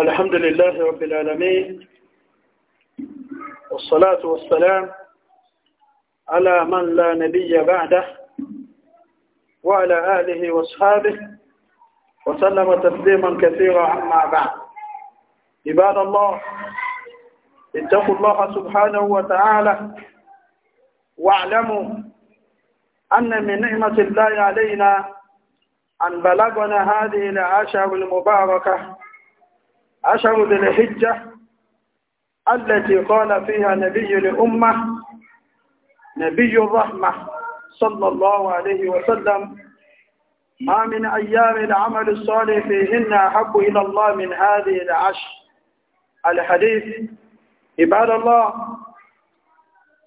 الحمد لله رب العالمين والصلاة والسلام على من لا نبي بعده وعلى آله واصحابه وسلم تسليما كثيرا عما بعد عباد الله اتقوا الله سبحانه وتعالى واعلموا أن من نعمة الله علينا أن بلغنا هذه العشر المباركة عشر ذي الحجة التي قال فيها نبي الأمة نبي الرحمة صلى الله عليه وسلم ما من أيام العمل الصالح فيهن أحب إلى الله من هذه العشر الحديث عباد الله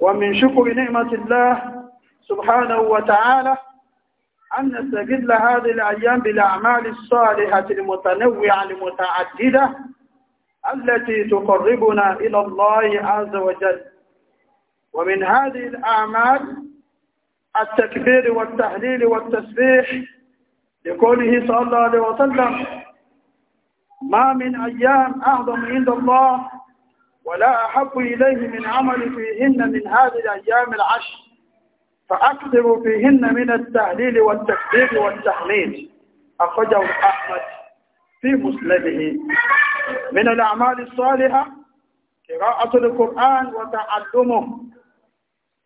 ومن شكر نعمة الله سبحانه وتعالى أن نستجد لهذه الأيام بالأعمال الصالحة المتنوعة المتعددة التي تقربنا إلى الله عز وجل ومن هذه الأعمال التكبير والتهليل والتسبيح لقوله صلى الله عليه وسلم ما من أيام أعظم عند الله ولا أحب إليه من عمل فيهن من هذه الأيام العشر فأكثروا فيهن من التعليل والتكبير والتحليل أخرجه أحمد في مسلمه من الأعمال الصالحة قراءة القرآن وتعلمه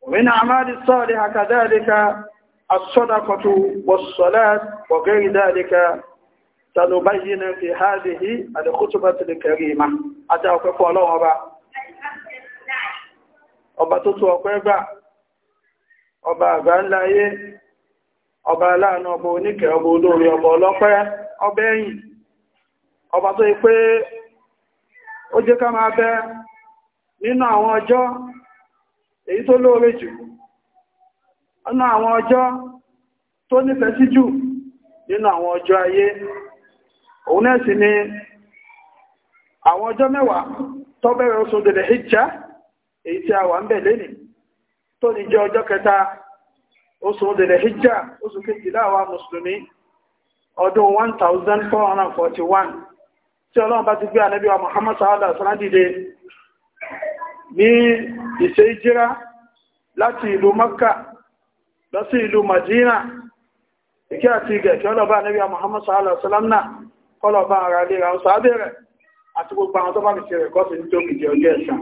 ومن أعمال الصالحة كذلك الصدقة والصلاة وغير ذلك سنبين في هذه الخطبة الكريمة أتى أكفو الله أبا أبا تتوقع ọba àgbà ńlá ayé ọba aláàánú ọba oníkẹ̀ ọba olóore ọba ọlọ́pẹ́ ọba ẹ̀yìn ọba tó yí pé ó jẹ́ ká máa bẹ nínú àwọn ọjọ́ èyí tó lóore jù nínú àwọn ọjọ́ tó nífẹ̀ẹ́ sí jù nínú àwọn ọjọ́ ayé òun náà sì ni àwọn ọjọ́ mẹ́wàá oṣù tó ní jẹ́ ọjọ́ kẹta oṣù òdèrè hijjá oṣù kejìlá àwa musulmi ọdún 1441 tí ọlọ́run bá ti gbé ànábì wa Muhammad sa'adà sàrádìde ní ìṣe ìjírá láti ìlú Makka lọ sí ìlú Madina ìkẹ́ àti ìgẹ̀ ọlọba ọlọ́bá wa Muhammad sa'adà sàrámnà kọlọ̀bá ara lè ra àti gbogbo àwọn tó bá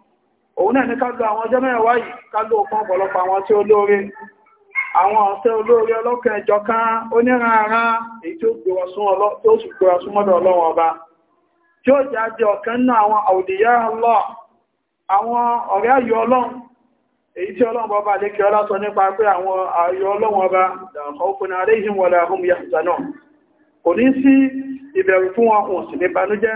òun náà ní ká lo àwọn ọjọ́ mẹ́wàá yìí ká ló fún ọ̀pọ̀lọpọ̀ àwọn tí ó lóore àwọn ọ̀sẹ̀ olóore ọlọ́kẹ̀ ẹjọ́ kan oníranran èyí tí ó gbèrò súnmọ́dọ̀ ọlọ́run ọba tí ó jẹ́ ajẹ́ ọ̀kan náà àwọn àwòdìyà lọ àwọn ọ̀rẹ́ ayọ̀ ọlọ́run èyí tí ọlọ́run ọba lè kí ọlá sọ kò ní sí ìbẹ̀rù fún wọn òsì ní banújẹ́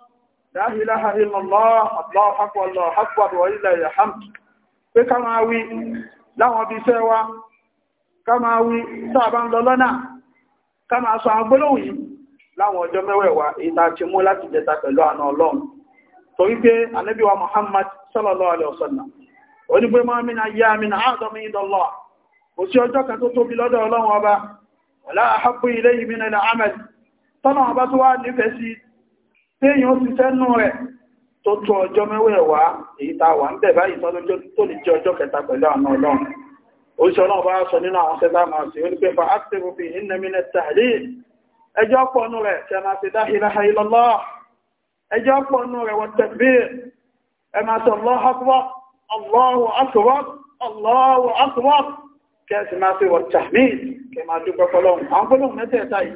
la ilaha illallah Allahu akbar Allahu akbar wa lillahi alhamd pé ká máa wí láwọn ibi iṣẹ́ wa ká máa wí sáàbá ń kama lọ́nà ká máa sọ àwọn gbólóhùn yìí láwọn ọjọ́ mẹ́wẹ̀ẹ̀wá ìta ti wa Muhammad sallallahu alaihi wasallam kan ọba wala ahabbu ilayhi min ọba téèyàn ti sẹ́nu rẹ̀ tó tó ọjọ́ mẹ́wẹ̀ẹ̀wá èyí ta wà ń bẹ̀ báyìí tọ́lọ́jọ́ tó lè jẹ́ ọjọ́ kẹta pẹ̀lú àwọn ọlọ́run oríṣẹ́ ọlọ́run bá sọ nínú àwọn sẹ́dá máa sí orí pẹ́fà áṣẹ́rù fi iná mílẹ̀ tààrí ẹjọ́ pọ̀nù rẹ̀ tẹ́ máa ti dá ilaha illallah ẹjọ́ pọ̀nù rẹ̀ wọ́n tẹ̀bí ẹ máa sọ Allahu akbar Allahu akbar Allahu akbar kẹ́ẹ̀sì máa fi wọ̀ tàmí kẹ́ẹ̀ máa dúpẹ́ fọlọ́run àwọn gbọ́dọ̀ mẹ́tẹ̀ẹ̀ta yìí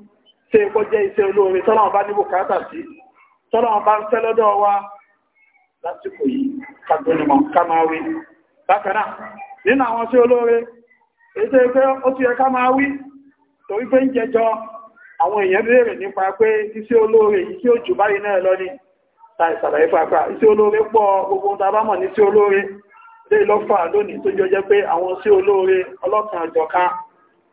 si kó jẹ́ iṣẹ́ olóore tọ́lọ́wọ́n bá ní bùkátà sí tọ́lọ́wọ́n bá ń fẹ́ lọ́dọ̀ wa lásìkò yìí kàgbónimọ̀ ká máa wí bákan náà nínú àwọn sí olóore ètò ẹgbẹ́ ó ti yẹ ká máa wí torí pé ń jẹjọ àwọn èèyàn béèrè nípa pé iṣẹ́ olóore yìí tí ó jù báyìí náà lọ ní iṣẹ́ olóore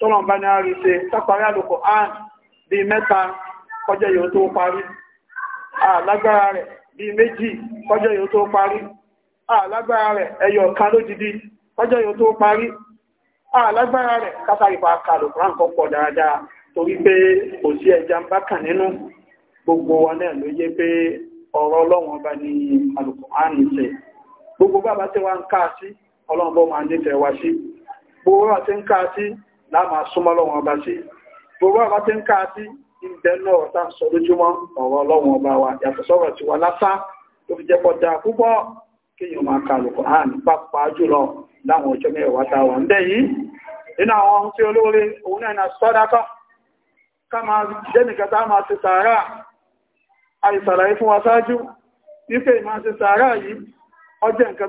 tọ́lọ̀n bá ní àárí ṣe táparí àlòkò án bí mẹ́ta kọjọ yóò tó parí àlágbára rẹ̀ bí méjì kọjọ yóò tó parí àlágbára rẹ̀ ẹyọ kan lódìdí kọjọ yóò tó parí àlágbára rẹ̀ dáadáa torí pé kò ẹja ń nínú gbogbo wọn náà ló pé ọ̀rọ̀ ní ṣe gbogbo bàbá tí ń bọ́ máa nífẹ̀ẹ́ wa sí gbogbo bàbá tí ń láàmà súnmọ́ lọ́wọ́ ọba sí gbogbo ọba tí ń ká sí ìbẹ̀ náà tá sọ lójúmọ́ ọ̀rọ̀ ọlọ́wọ́ ọba wa yàtọ̀ sọ̀rọ̀ tí wà lásán tó fi jẹ́ kọjá púpọ̀ kéèyàn máa ka lùkọ́ hàn pàápàá jùlọ láwọn ọjọ́ mẹ́wàá tá wà ń bẹ̀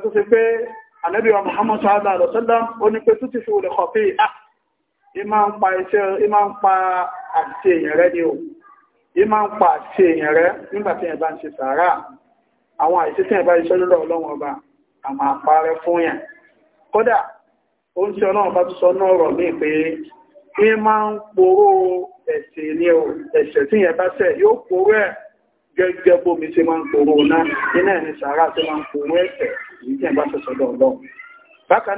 yìí nínú Muhammad sallallahu alaihi wasallam ó ní ìmá ń pa iṣẹ́ ìmá ń pa àti èèyàn rẹ ni o ìmá ń pa àti èèyàn rẹ nígbà tí ń ṣe sàárà àwọn àìsí tí iṣẹ́ lọ́dọ̀ ọlọ́run ọba àmà àparẹ fún yẹn kódà ó ń ọlọ́run bá tún sọ náà rọ̀ mí pé ìmá ń poró ni o tí yóò poró ẹ̀ gẹ́gẹ́ bómi máa ń poró náà iná ẹ̀ ní sàárà máa ń poró tí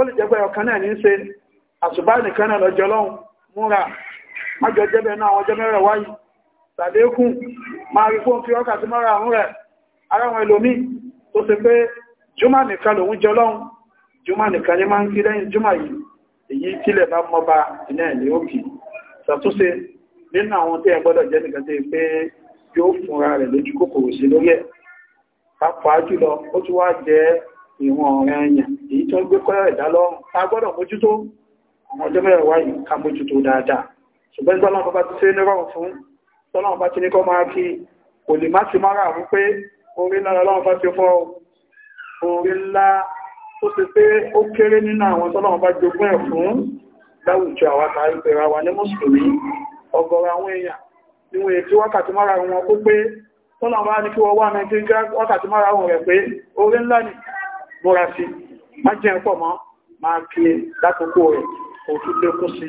ó lè jẹ́gbẹ́ ọkàn náà ní í ṣe àṣùbá nìkan náà lọ́jọ́ lọ́hùn múra májọ jẹ́bẹ̀ náà ọjọ́ mẹ́rẹ̀ wáyé tàlékùn máa rí fún fi ọkà sí mọ́ra àrùn rẹ̀ ara wọn ẹlòmí tó ṣe pé jùmá nìkan lòun jọ jùmá nìkan ní máa ń kí lẹ́yìn jùmá yìí èyí bá mọ́ bá iná ẹ̀ ní òkè ṣàtúnṣe nínú àwọn tí ẹ gbọ́dọ̀ jẹ́ nìkan tí pé yóò fúnra rẹ̀ lójú kòkòrò sí èyí tó ń gbé kọ́ ẹ̀dá lọ́rùn a gbọ́dọ̀ mójútó àwọn ọjọ́ mẹ́rẹ̀ wáyìí ká mójútó dáadáa ṣùgbọ́n ìgbà náà bá ti ṣe ní rọrùn fún tọ́lọ́run bá ti ní kọ́ máa kí kò lè má ti mára àwọn pé orí ńlá lọ́run bá ti fọ́ orí ńlá tó ti pé ó kéré nínú àwọn tọ́lọ́run bá jogún ẹ̀ fún láwùjọ àwa tàbí pẹ̀rẹ̀ wa ní mùsùlùmí ọ̀gọ̀rọ̀ àwọn èèyàn níwọ̀n èyí tí wákàtí mára wọn kó pé tọ́lọ́run bá ní kí wọ́n wà náà kí wákàtí mára wọn rẹ̀ pé orí ńlá ni múra sí i má jẹ́ pọ̀ mọ́ máa kí látòkó rẹ̀ kò tún lékún sí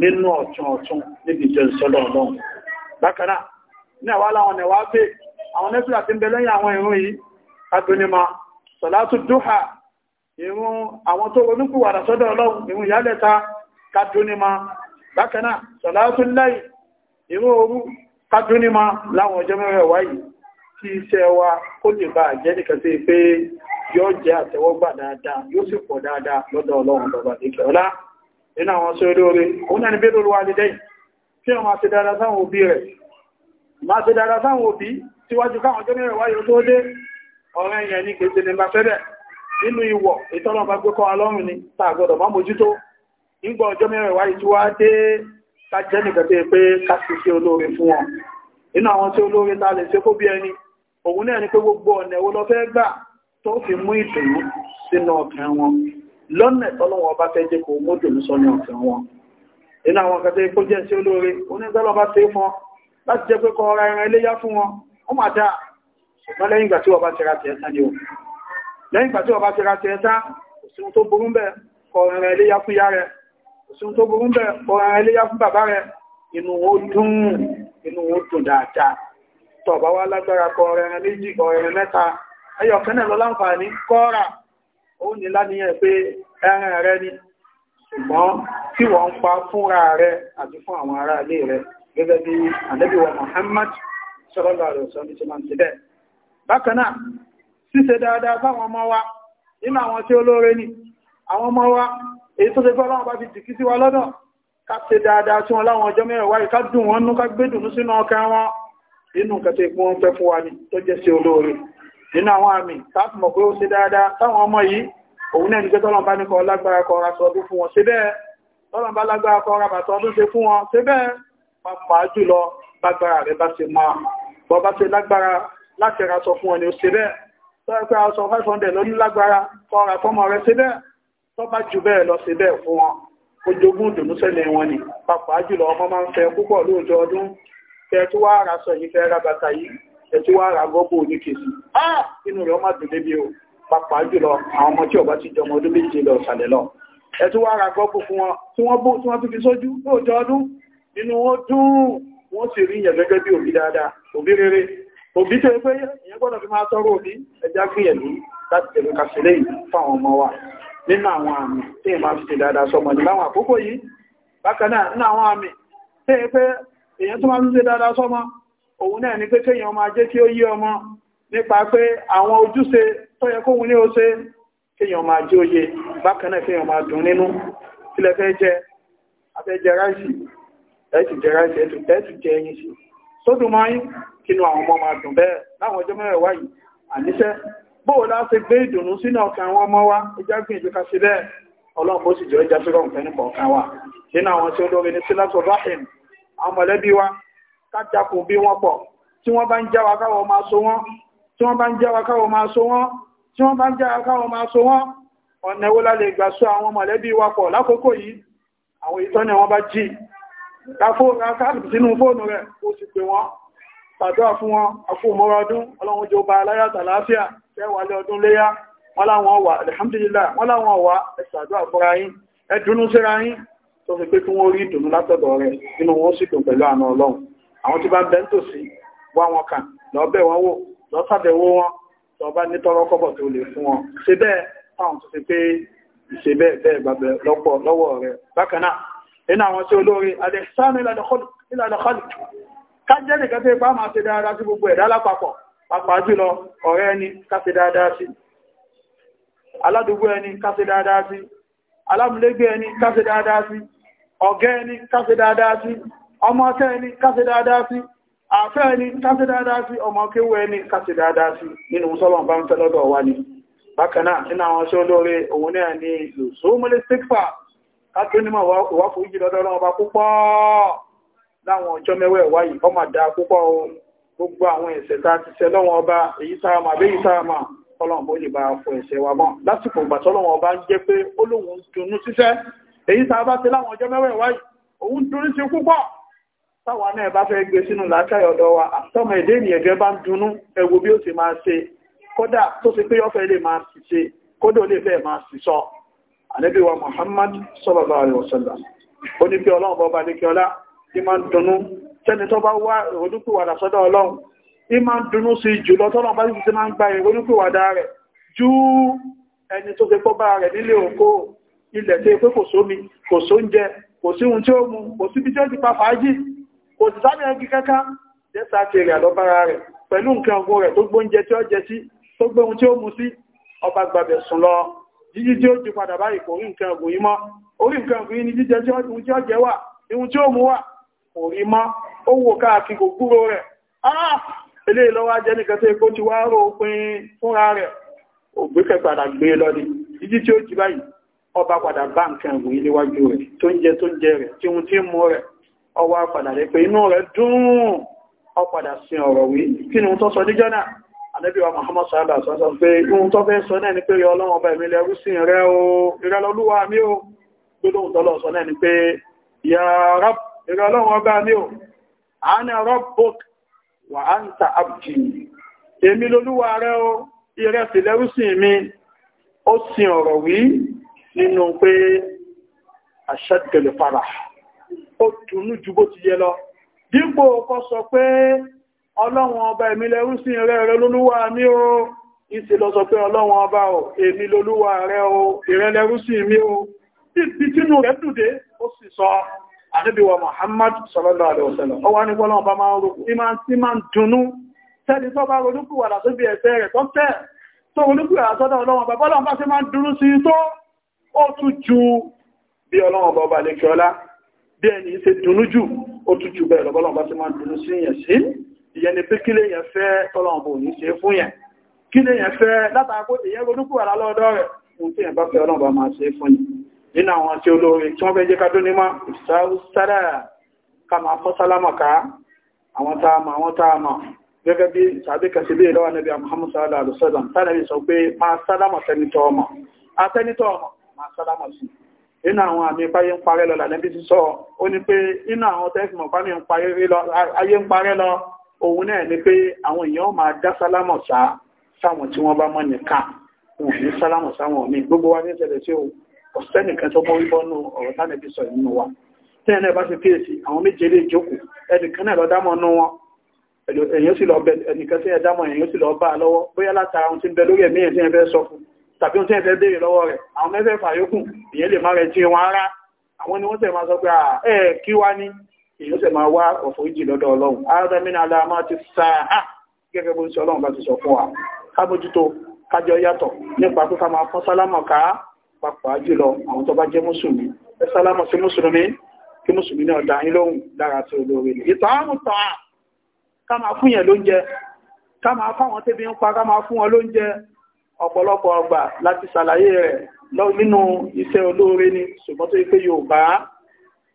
nínú ọ̀tún ọ̀tún níbi ìjọ ìsọ́lọ̀ ọlọ́run bákan náà ní àwa láwọn nẹ̀wà pé àwọn nẹ́fìlà ti ń bẹ lẹ́yìn àwọn ìrun yìí adúnimọ̀ sọ̀látù dúhà ìrun àwọn tó ronúkúwàdà sọ́dọ̀ ọlọ́run ìrun ìyálẹ̀ta kadúnimọ̀ bákan náà sọ̀látù láì ìrun òru kadúnimọ̀ láwọn ọjọ́ mẹ́rẹ̀ wáyìí kí iṣẹ́ wa kó lè bá jẹ́ nìkan sí pé yóò jẹ́ àtẹ́wọ́gbà dáadáa yóò sì pọ̀ dáadáa lọ́dọ̀ ọlọ́run lọ́ba nìkẹ́ ọlá nínú àwọn ṣe olóore òun náà ni bí lórí wa lè dẹ́yìn kí wọ́n máa ṣe dáadáa sáwọn òbí rẹ̀ máa ṣe dáadáa sáwọn òbí síwájú káwọn ọjọ́ mẹ́rẹ̀ wáyé tó dé ọ̀rẹ́ yẹn ní kèsè ní bá fẹ́bẹ̀ nínú ìwọ̀ ìtọ́nà bá gbé kọ́ alọ́run ni tá a gbọ́dọ̀ má mójútó nígbà ọjọ́ mẹ́rẹ̀ wáyé tí wá dé ká jẹ́ nìkan sí pé ká sì ṣe olóore fún wọn nínú àwọn tí olóore ta lè ṣe kó bí ẹni òun náà ni pé gbogbo ọ̀nà èwo lọ fẹ́ gbà tó fi mú ìdùnnú sínú ọkàn wọn lọ́nà tọ́lọ́wọ́ bá fẹ́ jẹ́ kó mú sọ́nà wọn àwọn láti jẹ́ pé ẹran iléyá fún wọn ó dáa ṣùgbọ́n lẹ́yìn ìgbà tí wọ́n bá ti ra ni o lẹ́yìn ìgbà tí wọ́n bá ti ra tó burú bẹ́ẹ̀ ẹran iléyá fún tọ̀bá wá lágbára kọ ẹran méjì kọ ẹran mẹ́ta ẹyọ kẹ́nẹ̀ lọ láǹfààní kọ́ra ó ní láníyàn pé ẹran rẹ ni ṣùgbọ́n tí wọ́n ń pa fúnra rẹ àti fún àwọn ará ilé rẹ gẹ́gẹ́ bí Ànábì wa Muhammad sallallahu alaihi wasallam ti máa ń ṣe bẹ́ẹ̀ bákan náà wa nínú àwọn tí ó lóore ni àwọn ọmọ wa èyí tó ṣe fẹ́ ọlọ́run bá fi wa lọ́dọ̀ ká ṣe dáadáa tí wọn láwọn ọjọ́ mẹ́rẹ̀ẹ́wá yìí nínú nǹkan tó ikú wọn fẹ́ fún wa ní tó jẹ́ sí olóore nínú àwọn àmì táàpù mọ̀ pé ó ṣe dáadáa táwọn ọmọ yìí òun náà ní pé tọ́lọ̀ bá ní kọ lágbára kọ ra sọdún fún wọn ṣe bẹ́ẹ̀ tọ́lọ̀ bá lágbára kọ bàtọ́ ọdún ṣe fún wọn ṣe bẹ́ẹ̀ jùlọ lágbára rẹ̀ bá ṣe máa bọ́ bá ṣe lágbára láti ra sọ fún ọ ni ó ṣe bẹ́ẹ̀ tọ́lọ̀ pé aṣọ 500 ló ní lágbára kọ ra fọ́mọ rẹ̀ ṣe bẹ́ẹ̀ tọ́ bá jù bẹ́ẹ̀ lọ ṣe bẹ́ẹ̀ fún wọn ojogún ìdùnnú tẹ́tí wá ara sọ yìí fẹ́ ra bàtà yìí tẹ́tí wá ara gọ́bù ah inú rẹ̀ ọmọ dùn débi o pàpà jùlọ àwọn ọmọ tí ọba ti jọmọ ọdún méje lọ sàlẹ̀ lọ ẹ̀tí wá ara gọ́bù fún wọn tí wọ́n bó tí wọ́n tún fi sójú lóòjọ́ ọdún inú wọn dùn wọ́n sì rí yẹn gẹ́gẹ́ bí òbí dáadáa òbí rere òbí tó pé ìyẹn gbọ́dọ̀ fi máa tọrọ òbí ẹja gbìyànjú láti tẹ̀lé kàṣẹlẹ̀ yìí fáwọn ọmọ wa nínú àwọn àmì tí ìmọ̀ fi ṣe dáadáa sọmọ ní láwọn àkókò yìí bákan náà nínú àwọn àmì tí pé èyàn tó máa ń ṣe dáadáa sọ́mọ òun náà ni pé kéèyàn máa jẹ́ kí ó yé ọmọ nípa pé àwọn ojúṣe tó yẹ kóhun ní ó ṣe kéèyàn máa jẹ́ òye bákan náà kéèyàn máa dùn nínú kílẹ̀ fẹ́ jẹ afẹ́ jẹ ráìsì ẹ̀tù jẹ ráìsì ẹ̀tù tẹ́tù jẹ ẹyin sí sódùn máa ń kínú fẹ́ nípa ọkàn wa nínú àwọn tí ó lórí ní sílátọ̀ rahim àwọn mọ̀lẹ́bí wa kájàkùn bí wọ́n pọ̀ tí wọ́n bá ń já wa káwọ máa so wọ́n tí wọ́n bá ń já wa káwọ máa so wọ́n tí wọ́n bá ń já wa káwọ máa so wọ́n ọ̀nà wo la lè gbà so àwọn mọ̀lẹ́bí wa pọ̀ lákòókò yìí àwọn ìtọ́ni wọn bá jí sínú fóònù rẹ̀ ó sì pè wọ́n tàdúrà fún wọn àfúnmọ́ra ọdún ọlọ́run jọba aláyàtà láàáfíà tẹ́wàlé ọdún léyá wọ́n láwọn wà alhamdulillah wọ́n láwọn wà ẹ̀sàdúrà fúnra yín ẹ̀dùnú síra yín tó fi pé kí wọ́n rí ìdùnnú látọ̀dọ̀ rẹ̀ nínú wọn sì dùn pẹ̀lú àna ọlọ́run àwọn tí bá ń bẹ nítòsí wá wọn kàn lọ́bẹ̀ wọn wò lọ́sàbẹ̀wò wọn tó bá ní tọ́rọ́ kọ́bọ̀ tó lè fún wọn ṣe bẹ́ẹ̀ fáwọn tó fi pé ìṣe bẹ́ẹ̀ bẹ́ẹ̀ gbàgbẹ́ lọ́pọ̀ lọ́wọ́ rẹ̀ bákan náà nínú àwọn tí olórí alexander ìlànà kọlù kájẹ́ nìkan tó ipá máa ṣe dáadáa sí gbogbo ẹ̀dá lápapọ̀ pàápàá jùlọ ọ̀rẹ́ ẹni ká ṣe dáadáa sí aládùúgbò ẹni ká ṣe dáadáa sí alámúlégbé ẹni ká ṣe dáadáa sí ọ̀gá ẹni káṣe dáadáa sí ọmọ ọ̀tẹ́ ẹni káṣe dáadáa sí àfẹ́ ẹni káṣe dáadáa sí ọmọ kéwú ẹni káṣe dáadáa sí nínú sọ́lọ̀ bá ń fẹ́ lọ́dọ̀ wa ni bákanáà nínú àwọn ṣe olóore òun náà ni lòsómọ́lé síkfà kátó nímọ̀ ìwáfò yìí lọ́dọ̀ ọlọ́run ọba púpọ̀ láwọn ọjọ́ mẹ́wẹ́ wáyé ọmọ àdá púpọ̀ o gbogbo àwọn ẹ̀ṣẹ̀ tá a ti ṣẹ̀ lọ́wọ́n ọba èyí sáàmà àbẹ́yí sáàmà ọlọ́run bó lè bá fọ èyí sábà sí láwọn ọjọ́ mẹ́wẹ̀ wáyìí òun dúró sí púpọ̀ táwa náà bá fẹ́ gbé sínú làákàyè ọ̀dọ̀ wa àtọ́mọ èdè ènìyàn gẹ́ bá ń dunú ẹwo bí ó sì máa ṣe kódà tó ti pé ọ̀fẹ́ lè máa sì ṣe kódà ó lè fẹ́ máa sì sọ ànábì wa Muhammad sallallahu alaihi wasallam ó ní pé ọlọ́run bọba ní kí ọlá ní máa dunú tẹ́ni tó bá wá ìrònúpìwàdà sọ́dọ̀ ọlọ́run ní máa dunú sí jùlọ tọ́lọ́ bá sì ti máa ń gba ìrònúpìwàdà rẹ̀ ju ẹni tó fi kọ́ bá rẹ̀ nílé òkú ilẹ̀ tó pé kò sómi kò sóúnjẹ kò sí ohun tí ó mu kò sí bíjọ́ ti pa fàájì kò sì sáàmì ẹgbẹ́ kẹ́kẹ́ jẹ́sà ti rẹ̀ lọ́bára rẹ̀ pẹ̀lú nǹkan ọgbọ́n rẹ̀ tí ó jẹ sí ohun tí ó mu sí ọba gbàbẹ̀ sùn lọ jíjí tí ó ti padà báyìí kò rí nǹkan ọgbọ́n yìí mọ́ orí nǹkan ni jíjẹ tí ó jẹ tí ó mu wà kò rí mọ́ ó wò káàkiri kò ah! eléyìí lọ́wọ́ ajẹ́ nìkan tó epo ti wá rò fúnra rẹ̀ padà gbé e lọ ni jíjí tí ó ọba padà bá nǹkan ẹ̀gùn ilé wájú rẹ̀ tó ń jẹ tó ń jẹ rẹ̀ tí ohun tí ń mú rẹ̀ ọwọ́ padà rẹ̀ pé inú rẹ̀ dùn ọ padà ọ̀rọ̀ wí kí ni ohun tó sọ níjọ́ náà Ànábì wa Muhammad sọ́dá sọ́sọ́ pé ohun tó fẹ́ ni pé rẹ̀ Ọlọ́run ọba ìmìlẹ̀ rúsìn rẹ̀ o ìrẹ́lọ́lúwà ni pé ya Rabb ìrẹ́lọ́run ọba mi o ana Rabbuk wa anta abdi èmi lolúwa rẹ̀ o ìrẹsì lẹ́rúsìn mi ó sin ọ̀rọ̀ wí nínú pé àṣẹ́tẹ̀lẹ̀ fara ó dùnú ju bó ti yẹ lọ dípò kọ́ sọ pé ọlọ́run ọba èmi lẹ́rúsìn rẹ̀ rẹ̀ lólúwa mi o ìsì lọ sọ pé ọlọ́run ọba o èmi lólúwa rẹ̀ o ìrẹ́lẹ́rúsìn mi o ìbí tínú rẹ̀ dùdé ó sì sọ àdébíwa Muhammad sallallahu alaihi wasallam ọwá ní gbọ́nà ọba máa ń rò ìmá tí máa ń dùnú tẹ́lì tó bá ronúkúwà lásóbí ẹ̀fẹ́ rẹ̀ tó tẹ́ tó ronúkúwà lásọ́dọ̀ ọlọ́wọ́n bàbá ọlọ́wọ́n bá ṣe máa ń dùnú ó tún ju bí ọlọ́run ọba ọba lẹ́kẹ́ ọlá bí ẹni ṣe dunú jù ó tún ju bẹ́ẹ̀ lọ́bọ́lọ́run bá ti máa dunú sí yẹn sí ìyẹn ni pé kílé yẹn fẹ́ tọ́lọ́run bò ní ṣe fún yẹn kílé yẹn fẹ́ látàkó ìyẹn ronúkú wà lọ́dọ̀ rẹ̀ fún tí yẹn bá fẹ́ ọlọ́run bá máa ṣe fún yẹn nínú àwọn tí olóore tí wọ́n fẹ́ jẹ́ ká dún nímọ̀ ìsáúsára ká máa fọ́ sálámà ká gẹ́gẹ́ bí ìsàbí kẹsì bí ìlọ́wà nẹ́bí àmàhàmùsáàlá àlùsọ́dàn tánàbí sọ pé máa sálámà tẹ́nitọ́ ọmọ máa sálámọ̀ sí nínú àwọn àmì ìpáyé ń parẹ́ lọ lànàbí ti sọ ó ní pé nínú àwọn tẹ́sìmọ̀ fámi ń parẹ́ lọ ayé ń parẹ́ lọ òun náà ni pé àwọn èèyàn máa dá sálámọ̀ sá sáwọn tí wọ́n bá mọ̀ nìkan wọn ní sálámọ̀ sáwọn mi gbogbo wa ní ìṣẹ̀lẹ̀ tí ó ọ̀sẹ́ nìkan tó mórí bọ́nú ọ̀rọ̀ tánàbí sọ nínú wa tí ẹ̀nà bá ti kíyèsí àwọn méje lè jókòó ẹnìkan náà lọ dámọ̀ nú wọn èèyàn sì lọ bẹ ẹnìkan tí ẹ dámọ̀ èèyàn sì lọ bá lọ́wọ́ bóyá látara ohun tí ń bẹ lórí ẹ̀mí ẹ̀ tí ẹ fẹ́ sọ fún tàbí oúnjẹ ẹ̀fẹ́ béèrè lọ́wọ́ rẹ̀ àwọn mẹ́fẹ́ fàyókù ìyẹn lè má rẹ̀ tí wọ́n ara àwọn ni wọ́n tẹ̀ máa sọ pé ẹ̀ kí wá ní èyí tẹ̀ máa wá ọ̀fọ̀ríjì lọ́dọ̀ ọlọ́run arábẹ́mínà aláàmá ti sáà gẹ́gẹ́ bó ń sọ ọlọ́run bá ti sọ fún wa kábójútó kájọ yàtọ̀ nípa pé ká máa fọ́n sálámọ̀ ká papọ̀ jùlọ àwọn tó bá jẹ́ mùsùlùmí ẹ sálámọ̀ sí mùsùlùmí kí mùsùlùmí náà dá fún yẹn lóúnjẹ ń pa ká máa fún wọn lóúnjẹ ọ̀pọ̀lọpọ̀ ọgbà láti salaye rẹ̀ nínú iṣẹ́ olóore ni ṣùgbọ́n tó pé Yorùbá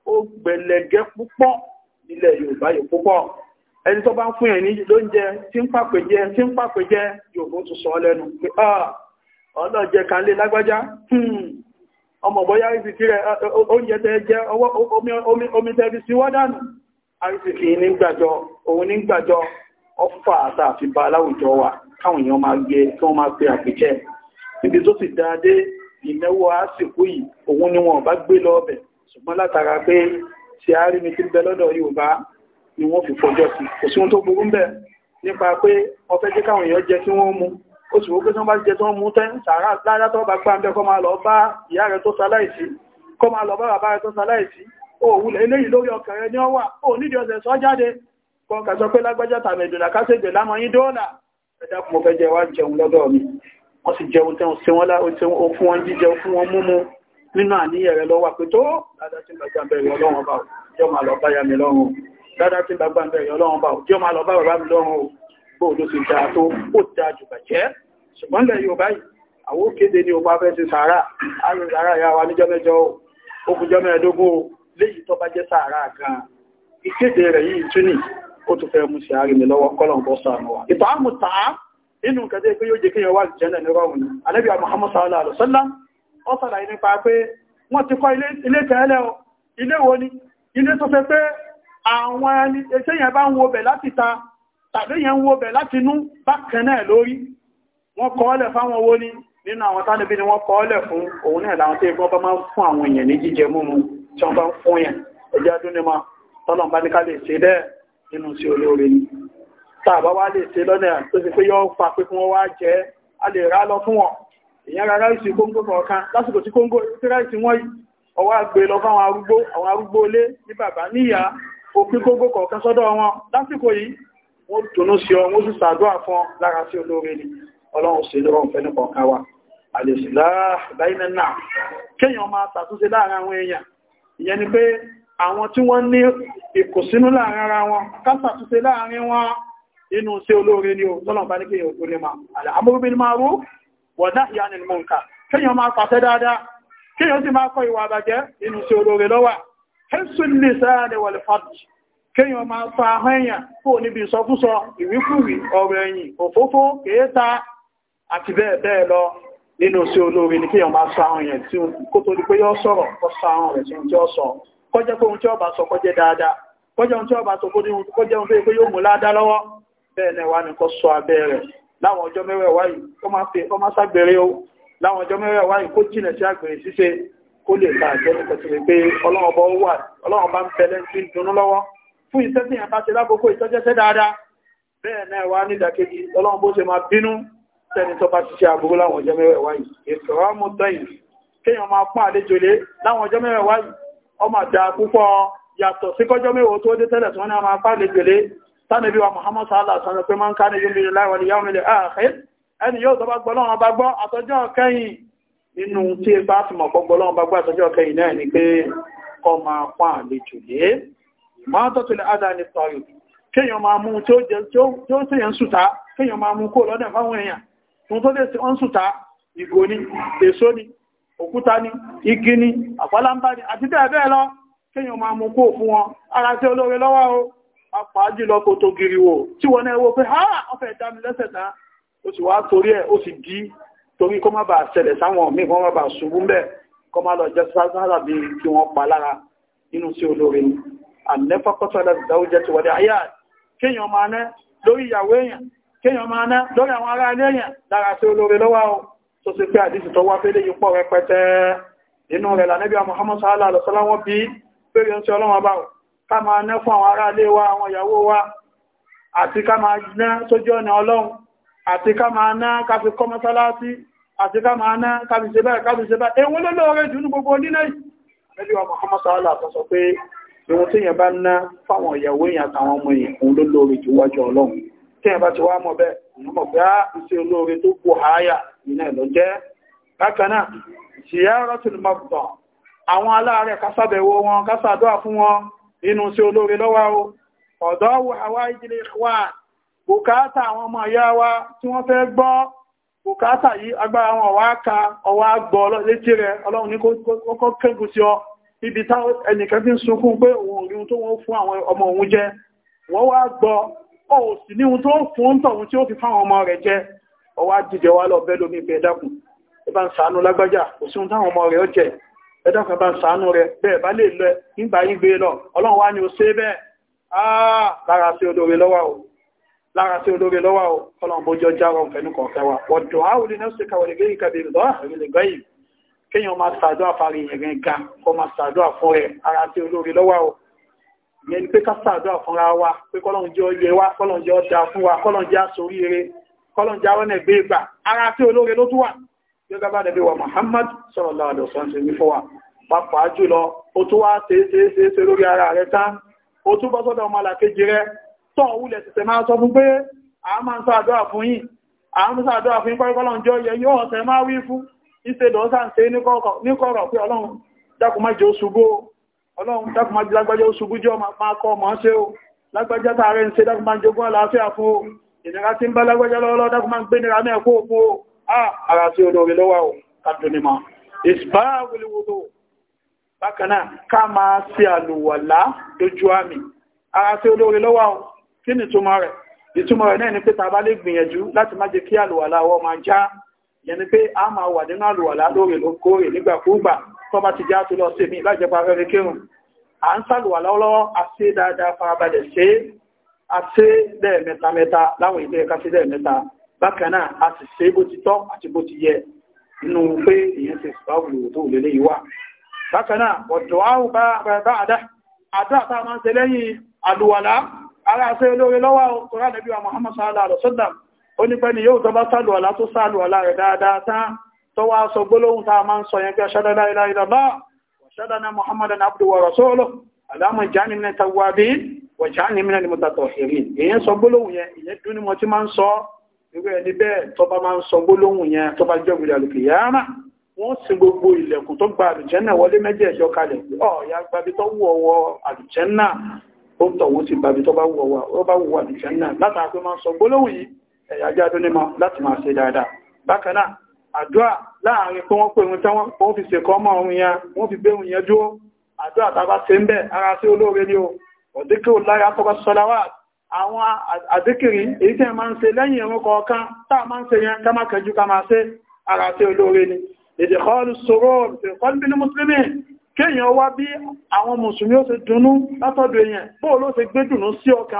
ó gbẹ̀lẹ̀gẹ́ púpọ̀ nílẹ̀ Yorùbá yìí púpọ̀ ẹni tó bá ń fún yẹn ní lóúnjẹ tí ń pàpèjẹ tí ń pàpèjẹ Yorùbá tún sọ lẹ́nu pé kan lé lágbájá hmm. ọmọ bọ́yá rẹ̀ oúnjẹ jẹ omi ní gbàjọ òun ní gbàjọ ọfà káwọn èèyàn máa gbé kí wọ́n máa pe àpèjẹ́ níbi tó sì dáadé ìnáwó àsìkò yìí òun ni wọn bá gbé lọ ọbẹ̀ ṣùgbọ́n látara pé ṣe á rí mi tí bẹ lọ́dọ̀ Yorùbá ni wọ́n fi fọjọ́ sí kò sí ohun tó burú bẹ́ẹ̀ nípa pé wọ́n fẹ́ jẹ́ káwọn èèyàn jẹ kí wọ́n mu ó sì wọ́n pé tán bá jẹ tán mú tẹ́ sàárà láyá tó bá gbá ń bẹ́ kọ́ máa lọ bá ìyá rẹ̀ tó ṣaláìsí kọ́ máa lọ bá kásẹ̀gbẹ̀ lámọ́ yín dóòlà ẹ̀dá kò mọ̀ fẹ́ jẹ́ wá jẹun lọ́dọ̀ mi wọ́n sì jẹun tẹ́ ṣe wọ́n láwọn fún wọn jíjẹ fún wọn múmú nínú àníyàn rẹ̀ lọ́wọ́ pé tó dáadáa tí gbàgbà bẹ̀rẹ̀ ọlọ́run bá jọ máa lọ bá ya mi lọ́rùn dáadáa tí gbàgbà bẹ̀rẹ̀ ọlọ́run bá jọ máa lọ bá bàbá mi lọ́rùn o bó ló sì dáa tó ó dáa jù bàjẹ́ ṣùgbọ́n lẹ̀ yóò báyìí àwọn òkéde ni ọba fẹ́ ti sàárà àrùn sàárà ó tún fẹ́ mú sí àárín mi lọ́wọ́ kọ́lọ̀n bọ́ sàánú wa ìtọ́ àmù tàá nínú nǹkan tẹ́ pé yóò jẹ́ kí yẹn wà jẹ́lẹ̀ ní rọrùn ní alẹ́bí Muhammad sallallahu alaihi wasallam ó sàlàyé nípa pé wọ́n ti kọ́ ilé tẹ́lẹ̀ ilé wo ni ilé tó fẹ́ pé àwọn ẹni ẹsẹ́ yẹn bá ń wo bẹ̀ láti ta tàbí yẹn ń wo bẹ̀ láti inú bákan náà lórí wọ́n kọ́ọ́lẹ̀ fáwọn owó ni nínú àwọn tánibí ni wọ́n kọ́ọ́lẹ̀ fún òun náà láwọn tó ẹgbọ́n bá máa ń fún àwọn èèyàn ní jíjẹ múmu tí wọ́n bá ń fún yẹn ẹjẹ́ adúnimọ̀ tọ́lọ̀ bá ní ká lè ṣe bẹ́ẹ̀ nínú sí olóore ni tàbá wá lè ṣe lọ́nà tó sì pé yọ́ fa pé fún wọ́n wá jẹ́ a lè rá lọ fún wọn èyàn ra ráìsì kóńgó kọ̀ọ̀kan lásìkò tí kóńgó tí ráìsì wọ́n yìí ọwọ́ àgbè lọ fáwọn arúgbó àwọn arúgbó ilé ní bàbá níyà òpin kóńgó kọ̀ọ̀kan sọ́dọ̀ wọn lásìkò yìí wọ́n dùnú sí ọ wọ́n sì sàdúrà fún lára sí olóore ni ọlọ́run sí lọ́rọ̀ fẹ́ nípa ọ̀ká wa àlèsìlá báyìí náà kéèyàn máa ṣàtúnṣe láàárín àwọn èèyàn ìyẹn ni pé àwọn tí wọ́n ní ìkùnsínú láàrin ara wọn kásàtúnṣe láàrin wọn inú sí olóore ni o lọ́nà bá ní kí èyàn gbóre máa àmúrúbí ní máa rú wọ̀dá ìyá ni mọ́ nǹkan kíyàn máa pàṣẹ dáadáa kíyàn sì máa kọ ìwà àbàjẹ́ inú sí olóore lọ́wà hẹ́sùn nínú sí olóore ni kíyàn máa sa ahọ́n yẹn tí kó tó di pé yọ́ sọ̀rọ̀ kó sa ahọ́n tí ó sọ kọjẹ́ pé ohun tí ọba sọ kọjẹ́ dáadáa kọjẹ́ ohun tí ọba sọ kọjẹ́ ohun tó yẹ pé yóò mú ládá lọ́wọ́ bẹ́ẹ̀ náà wà ní kọ́ sọ abẹ́ rẹ̀ láwọn ọjọ́ mẹ́wẹ̀ wáyìí kó má fi ọmọ ságbèrè o láwọn ọjọ́ mẹ́wẹ̀ wáyìí kó jìnà sí àgbèrè ṣíṣe kó lè bá àjọ nípa ti pé ọlọ́run bá ń fẹ́lẹ́ ń fi ń dunnú lọ́wọ́ fún iṣẹ́ tí ìyàmbá ti lákòókò ìtọ́jẹ́sẹ́ dáadáa bẹ́ẹ̀ náà wá ní ọmọ àdá púpọ̀ yàtọ̀ sí kọjọ́ mẹ́wàá tó dé tẹ́lẹ̀ tí wọ́n náà máa fàálẹ̀ gbèlé tánàbí wa Muhammad sallallahu alaihi wasallam pé máa ń ká ní yóò lè láwọn ìyá òmìnir ààrẹ ẹni yóò tọ́ bá gbọ́lọ́wọ́n bá gbọ́ àtọ́jọ́ kẹ́yìn nínú tí ipa ti mọ̀ gbọ́lọ́wọ́n bá gbọ́ àtọ́jọ́ kẹ́yìn náà ni pé kọ́ máa pa àlejò lé máa tọ́tù lè ádá ní sọ yìí kéèyàn máa mú tí ó tẹ̀yàn sùta kéèyàn máa mú kó lọ́dẹ̀ fáwọn èèyàn tó tó lè sí ọ́n sùta ìgò ni èso ni òkúta ní igi ní àpálámbá ní àti bẹ́ẹ̀ lọ kíyàn máa mú kó fún wọn ara tí olóore lọ́wọ́ o apàá jùlọ kò tó giri wò tí wọ́n náà wó pé ha ọfẹ́ ìdámi lẹ́sẹ̀ náà ó sì wá torí ẹ̀ ó sì dí torí kó má bàa ṣẹlẹ̀ sáwọn míì kó má bàa ṣubú mẹ́ kó má lọ jẹ́ sára kí wọ́n pa lára inú sí olóore ni ànẹ́fọ́kọ́sọ́lẹ̀ ìdáwójẹ́ ti wọlé ayá kíyàn máa ná lórí ìyàwó èèyàn kíyàn máa ná lórí àwọn ará ilé èèyàn lára tí olóore lọ́wọ́ o tó sì pé àdísì tó wá fẹ́lẹ̀ yípo rẹpẹtẹ inú rẹ̀ lànẹ́bí Muhammad sallallahu alaihi wasallam wọ́n bí pẹ́rẹ ń sí ọlọ́wọ́n bá ká máa ná fún àwọn ará ilé wa àwọn ìyàwó wa àti ká máa ná sójú ọ̀nà ọlọ́run àti ká máa ná ká fi kọ́ mọ́sálásí àti ká máa ná ká fi ṣe bẹ́ẹ̀ ká fi ṣe bẹ́ẹ̀ èwo ló lóore jù ní gbogbo nílẹ̀ yìí lẹ́bí wa Muhammad sallallahu alaihi wasallam sọ pé ìwọ̀n tí èèyàn bá ná fáwọn ìyàwó èèyàn àtàwọn ọmọ èèyàn òun ló lóore jù wájú ọlọ́run tí èèyàn bá ti ọ̀gá iṣẹ́ olóore tó kò háyà iná ẹ̀lọ jẹ́ bákaná ziyaratul marda àwọn aláàrẹ̀ kásábẹ̀wò wọn kásàdọ́à fún wọn nínú iṣẹ́ olóore lọ́wọ́ o ọ̀dọ́ wò àwá ìdílé wà bùkátà àwọn ọmọ ìyá wa tí wọ́n fẹ́ gbọ́ bùkátà yìí agbára wọn wá ka ọwá gbọ́ létí rẹ̀ ọlọ́run ní kókó kẹ́gùn sí ọ ibi táwọn ẹnìkan fi ń sunkún pé òun òun tó wọ́n fún àwọn ọmọ òun jẹ wọ́n wá gbọ́ ó sì ní ohun tó fún tọ̀hún tí ó fi fáwọn ọmọ rẹ̀ jẹ ọwá dìde wá lọ bẹ́ lómi ìfẹ́ dákun ẹbá ń sàánú lágbájá kò sí ohun táwọn ọmọ rẹ̀ ó jẹ ẹdákun ẹbá ń sàánú rẹ̀ bẹ́ẹ̀ bá lè lọ nígbà yín gbé lọ ọlọ́run wá ní o ṣe bẹ́ẹ̀ lára sí olóore lọ́wọ́ o lára sí olóore ìyẹn ni pé ká ṣàdúrà fúnra wa pé kọ́lọ́njẹ́ ọyẹ wa kọ́lọ́njẹ́ ọjà fún wa kọ́lọ́njẹ́ àsorí eré kọ́lọ́njẹ́ àwọn ẹ̀gbẹ́ ìgbà ara tí olóore ló tún wà gẹ́gẹ́ bá dẹ̀bí wa Muhammad sallallahu alaihi wasallam ṣe ní fún wa pàápàá jùlọ o tún wá ṣeéṣeéṣe lórí ara rẹ tán o tún bọ́ sọ́dọ̀ ọmọ àlàkejì rẹ tọ́ òwúlẹ̀ tẹ̀tẹ̀ máa sọ fún pé a máa ń ṣàdúrà fún yín a ń ṣàdúrà fún yín kọ́lọ́njẹ́ ọyẹ ọlọ́run dákùnmájú lágbájá ó ṣubú jọ máa kọ́ ọmọ ṣe ó lágbájá tààrẹ ń ṣe dákùnmájogún àlàáfíà fún ó ìnira tí ń bá lágbájá lọ́wọ́lọ́ dákùnmá ń gbénira náà kó fún ó ara sí olóore lọ́wọ́ ó kàdùnìmọ̀ ìsbáwìlúwòlò bákaná ká máa sí àlùwàlá lójú àmì ara sí olóore lọ́wọ́ ó kí ni ìtumọ̀ rẹ̀ ìtumọ̀ rẹ̀ náà ni pé tàbá lè gbìyànjú láti má jẹ́ kí àlùwàlá wọ́n máa já yẹni pé a máa wà nínú àlùwàlá lóòrè lóòrè nígbàkúgbà tọ́ba ti já tó lọ sí mi lájẹpa afẹ́fẹ́ kírùn à ń sàlùwà lọ́wọ́lọ́wọ́ àti dáadáa farabalẹ̀ sí àti lẹ́ẹ̀mẹ́ta mẹ́ta láwọn ilé ẹ̀ka sí lẹ́ẹ̀mẹ́ta bákan náà a sì ṣe bó ti tọ́ àti bó ti yẹ nínú pé èèyàn ti sọ àwọn olùwò tó lélé yìí wà Muhammad sallallahu alaihi wasallam ó ní pẹ́ni yóò tọ́ bá sàlùwàlá tó sàlùwàlá rẹ̀ tó wá sọ gbólóhùn tá a máa ń sọ yẹn pé ṣádá láìlá ìlàlá ṣádá na muhammadan abdu wa rasuluhu aláàmù jáni minẹ tawwabi wà jáni minẹ mutatahhirin èyẹn sọ gbólóhùn yẹn ìyẹn dún ni mo ti máa ń sọ irú ẹni bẹ́ẹ̀ tó bá máa ń sọ gbólóhùn yẹn tó bá jẹ́ ìrìn àlùkì yára wọ́n sin gbogbo ilẹ̀kùn tó gba àlùjẹ́nà wọlé mẹ́jẹ̀ẹ̀jọ kalẹ̀ ọ̀ọ́yà gbabi tó wù ọwọ́ àlùjẹ́nà ó ń tọ̀wọ́ sí gbabi tó bá wù ọwọ́ àlùjẹ́nà látàkùn máa ń sọ gbólóhùn yìí ẹ̀yà jáde ní ma láti máa ṣe dáadáa bákan náà àdúrà láàrin pé wọ́n pè wọn tán wọ́n fi ṣèkọ́ mọ́ ohun yẹn wọ́n fi gbé ohun yẹn dúró àdúrà tàbá ṣe ń bẹ̀ ara sí olóore ní o ọ̀díkìrì láyé atọ́kọ̀ sọ́láwà àwọn àdíkìrì èyí tẹ́ máa ń ṣe lẹ́yìn ẹ̀rọ kọ̀ọ̀kan tá a ń ṣe yẹn ká má kẹjú ká máa ṣe ara sí olóore ni èdè kọlu sọ̀rọ̀ ìfẹ́kọ́lù bí ní mùsùlùmí kéèyàn wá bí àwọn mùsùlùmí ó ṣe dunnú látọ̀dọ̀ èèyàn bóò ló ṣe gbé dùnú sí ọkàn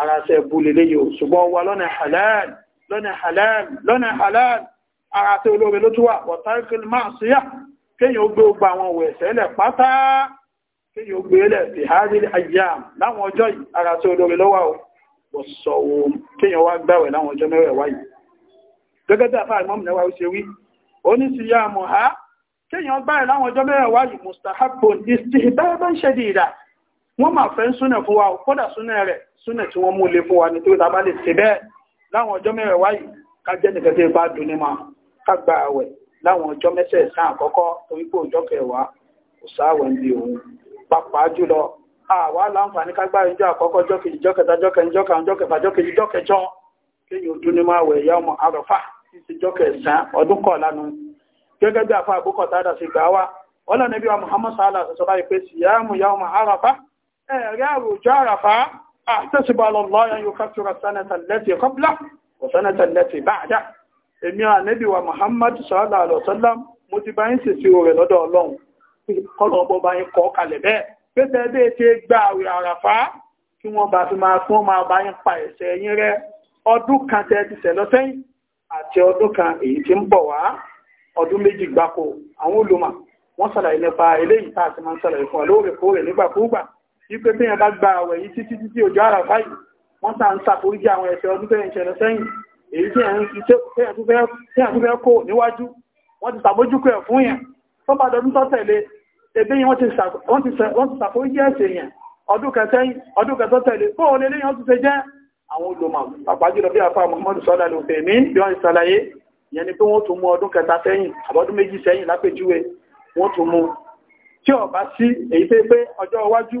ara ṣe búlé léyò ṣùgbọ́n wa lọ́nà halal lọ́nà halal lọ́nà halal ara tí olóore ló túwà wọ̀táríkìl máa sí yá kéyàn ó gbé ogbà àwọn òwò ẹ̀sẹ̀ lẹ̀ pátá kéyàn ó gbé lẹ̀ sí hajjil ayyam láwọn ọjọ́ yìí ara tí lọ́wà ó wọ́n máa fẹ́ súnẹ̀ fún wa kódà súnẹ̀ rẹ̀ súnẹ̀ tí wọ́n mú lè fún wa ní tó tàbá lè ṣe bẹ́ẹ̀ láwọn ọjọ́ mẹ́rẹ̀ wáyìí ká jẹ́ nìkan bá dùn ní ma ká gba àwẹ̀ láwọn ọjọ́ mẹ́sẹ̀ sáà àkọ́kọ́ torí pé ọjọ́ kẹwàá kò sáàwẹ̀ ń bi òun pàápàá jùlọ àwa láǹfààní ká gbá ìjọ àkọ́kọ́ jọ́ kejì jọ́ kẹta jọ́ kẹrin jọ́ karùn jọ́ kẹfà jọ́ kejì jọ́ kẹjọ kéyìn ojú ní máa wẹ̀ ìyá ọmọ àròfà títí jọ́ kẹsàn-án ọdún kọ̀ lánà gẹ́gẹ́ ẹ̀rí àròjọ àràfá àtẹ́sìbàlọ́lọ́ yẹn yóò kásìrò sánẹ́tà lẹ́tì kọ́bílá ọ̀sánẹ́tà lẹ́tì báàdá èmi ànẹ́bí wa Muhammad sallallahu alaihi wasallam mo ti bá yín sèṣì rẹ̀ lọ́dọ̀ Ọlọ́run kọ́lọ̀ ọgbọ́n bá yín kọ́ kalẹ̀ bẹ́ẹ̀ pẹ́sẹ̀ ẹbí ti gba àwẹ̀ àràfá kí wọ́n bá fi máa fún máa bá yín pa ẹ̀ṣẹ̀ yín rẹ́ ọdún kan tẹ́ ti àti ọdún kan èyí tí ń bọ̀ wá ọdún méjì gbáko àwọn olùmọ̀ wọ́n ṣàlàyé nípa eléyìí tá a máa ń ṣàlàyé fún ọ lóòrèkóòrè wípé bí yẹn bá gba àwẹ̀ yìí títí títí ọjọ́ àràfá yìí wọ́n sá ń ṣàforíjì àwọn ẹ̀ṣẹ̀ ọdún tẹ́yìn ṣẹlẹ̀ sẹ́yìn èyí tí yẹn tún fẹ́ kó níwájú wọ́n ti ṣàbójúkọ ẹ̀ fún yẹn tó bá dọdún tó tẹ̀lé ebí yẹn wọ́n ti ṣàforíjì ẹ̀ṣẹ̀ yẹn ọdún kẹsẹ́yìn ọdún kẹsọ́ tẹ̀lé kó o lè léyìn ọdún ṣe jẹ́ àwọn olùmọ̀ àpájúlọ bí afá Muhammadu sọ́lá ló fèmí bí wọ́n ìsàlàyé ìyẹn ni pé wọ́n tún mú ọdún kẹta sẹ́yìn àbọ́dún méjì sẹ́yìn lápèjúwe wọ́n tún mú tí ó bá sí èyí pé ọjọ́ iwájú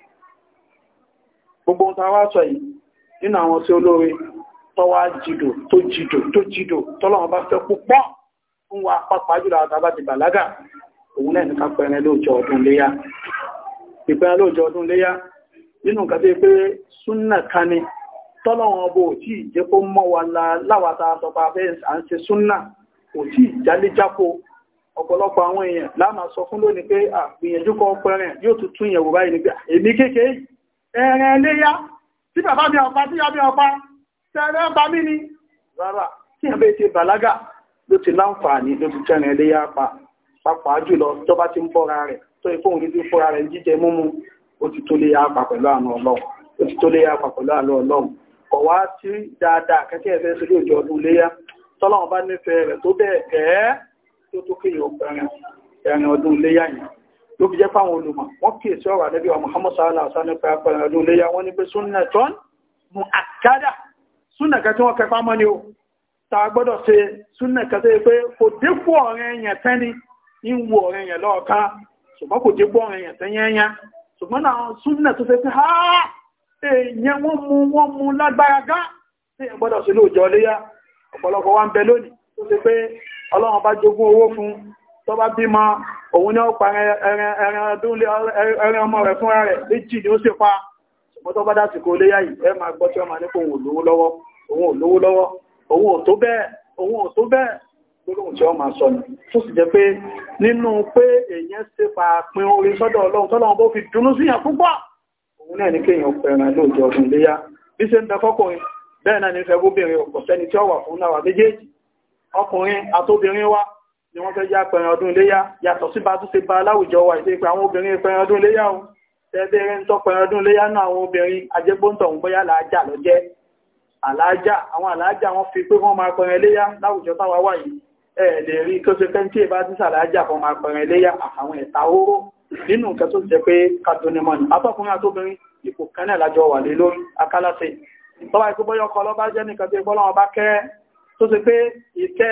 gbogbo ohun tàwà sọ yìí nínú àwọn tí olóore tọ́wà jìdò tó jìdò tó jìdò tọ́lọ́wọ́n bá fẹ́ púpọ̀ ń wa pápá jùlọ àtàbà ti bàlágà òun lẹ́nu pẹ̀rẹ̀ lóòjọ́ ọdún léyá nínú nǹkan tó pé súnà kani tọ́lọ́wọ́n bó tí ìjẹ́ kó mọ́ wa láwàtà sọpa fẹ́ à ń ṣe súnà kò tí ìjáléjáko ọ̀pọ̀lọpọ̀ àwọn èèyàn láàmà sọ fún lónìí pé àgbìyànjú kọ pẹ̀rẹ̀ yóò tuntun yẹ̀wò báyìí ní pé èmi kékeré ẹ̀rẹ̀ léyá tí bàbá mi ọ̀pá tí yàbí ọ̀pá tẹ̀rẹ̀ bá mí ni rárá tí ẹ̀bẹ̀ ti bàlágà ló ti láǹfààní ló ti tẹ̀rẹ̀ léyá pa pàápàá jùlọ tó ti ń fọ́ra rẹ̀ tó ìfóhùn ní ti fọ́ra rẹ̀ jíjẹ múmu ó ti pa ó ti tó pa pẹ̀lú ọlọ́run ló fi jẹ́ fáwọn olùmọ̀ wọ́n kìí sí ọ̀rọ̀ àdẹ́bí ọmọ Muhammad sallallahu alaihi wasallam pẹ̀lú pẹ̀lú ọdún léyà wọ́n ní pé súnà tán mú àkádà súnà kan tí wọ́n kẹfà mọ́ ni o ta gbọ́dọ̀ ṣe súnà kan tó yẹ pé kò dépò ọ̀rẹ́ èèyàn tẹ́ni ha èèyàn wọ́n mú wọ́n mú lágbára gá tí ẹ gbọ́dọ̀ ṣe lóòjọ́ léyà ọ̀pọ̀lọpọ̀ wa ń bẹ lónìí tó ṣe tó bá ma òun ní ẹran pa ẹran ọmọ rẹ̀ fúnra rẹ̀ méjì ni ó sì pa ṣùgbọ́n tó bá dá sìkò léyà yìí ẹ máa gbọ́ tí ọmọ ní kòun ò lówó lọ́wọ́ òun ò lówó lọ́wọ́ tó bẹ́ẹ̀ òun tó bẹ́ẹ̀ gbólóhùn tí ó máa sọ nù tó sì jẹ́ pé nínú pé pa orí sọ́dọ̀ ọlọ́run tọ́lọ́run bó fi síyàn púpọ̀ òun náà ní pẹ̀ràn lóòjọ́ ọdún léyà bí ṣe ń bẹ fọ́kùnrin bẹ́ẹ̀ náà ní fẹ́ ọ̀pọ̀ ni wọ́n fẹ́ yá pẹ̀rẹ̀ ọdún iléyá yàtọ̀ sí bá tún ṣe bá aláwùjọ wa ìdí pé àwọn obìnrin pẹ̀rẹ̀ ọdún iléyá o tẹ́bẹ̀rẹ̀ ń tọ́ pẹ̀rẹ̀ ọdún iléyá náà àwọn obìnrin ajẹ́gbóǹtọ̀ ń bóyá làájà lọ́jẹ́ àlàájá àwọn àlàájá wọn fi pé wọ́n máa pẹ̀rẹ̀ iléyá láwùjọ táwa wà yìí ẹ lè rí kó ṣe fẹ́ntì bá ti sàlàájà kan máa pẹ̀rẹ̀ iléyá àtàwọn ẹ̀ta oró nínú nǹkan tó jẹ́ pé katonimọ́ni atọ́kùnrin àtobìnrin ipò kan náà lájọ wà lé lórí akálàṣe tọ́wá ikú bóyá ọkọ̀ ọlọ́bá jẹ́ nìkan tó ẹgbọ́n lọ́wọ́ bá kẹ́ tó ṣe pé ìkẹ́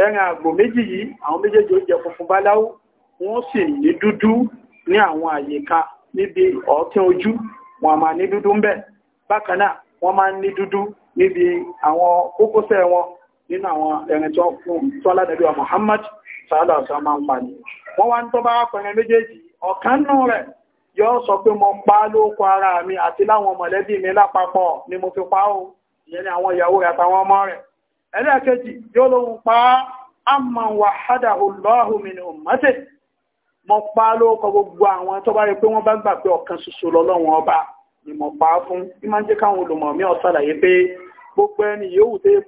ẹran àgbò méjì yìí àwọn méjèèjì ó jẹ funfun báláwú wọ́n sì ní dúdú ní àwọn àyíká níbi ọ̀ọ́kín ojú wọn máa ní dúdú ń bẹ̀ bákan náà wọ́n máa ń ní dúdú níbi àwọn kókósẹ̀ wọn nínú àwọn ẹ̀rìn tó fún tọ́ládẹ́bí wa Muhammad sàálà ọ̀sán máa ń pa ní wọ́n wá ń tọ́ bá pẹ̀rẹ̀ méjèèjì ọ̀kan nù rẹ̀ yóò sọ pé mo pa lóko ara mi àti láwọn mọ̀lẹ́bí mi lápapọ̀ ni mo fi pa ó ìyẹn ni àwọn ìyàwó rẹ̀ àtàwọn ọmọ rẹ̀ akeji yóò lóhun pa nwa wà hádà olóhùnmínú mọ́tẹ̀ mọ́ pa lóókọ gbogbo àwọn tó bá rí pé wọ́n pe gbà pé ọ̀kan ṣoṣo lọ́lọ́wọ́n ọba ni mọ̀ pa fún bí máa ń jẹ́ káwọn olùmọ̀ mi ọ̀sàlàyé pé gbogbo ẹni yóò tẹ́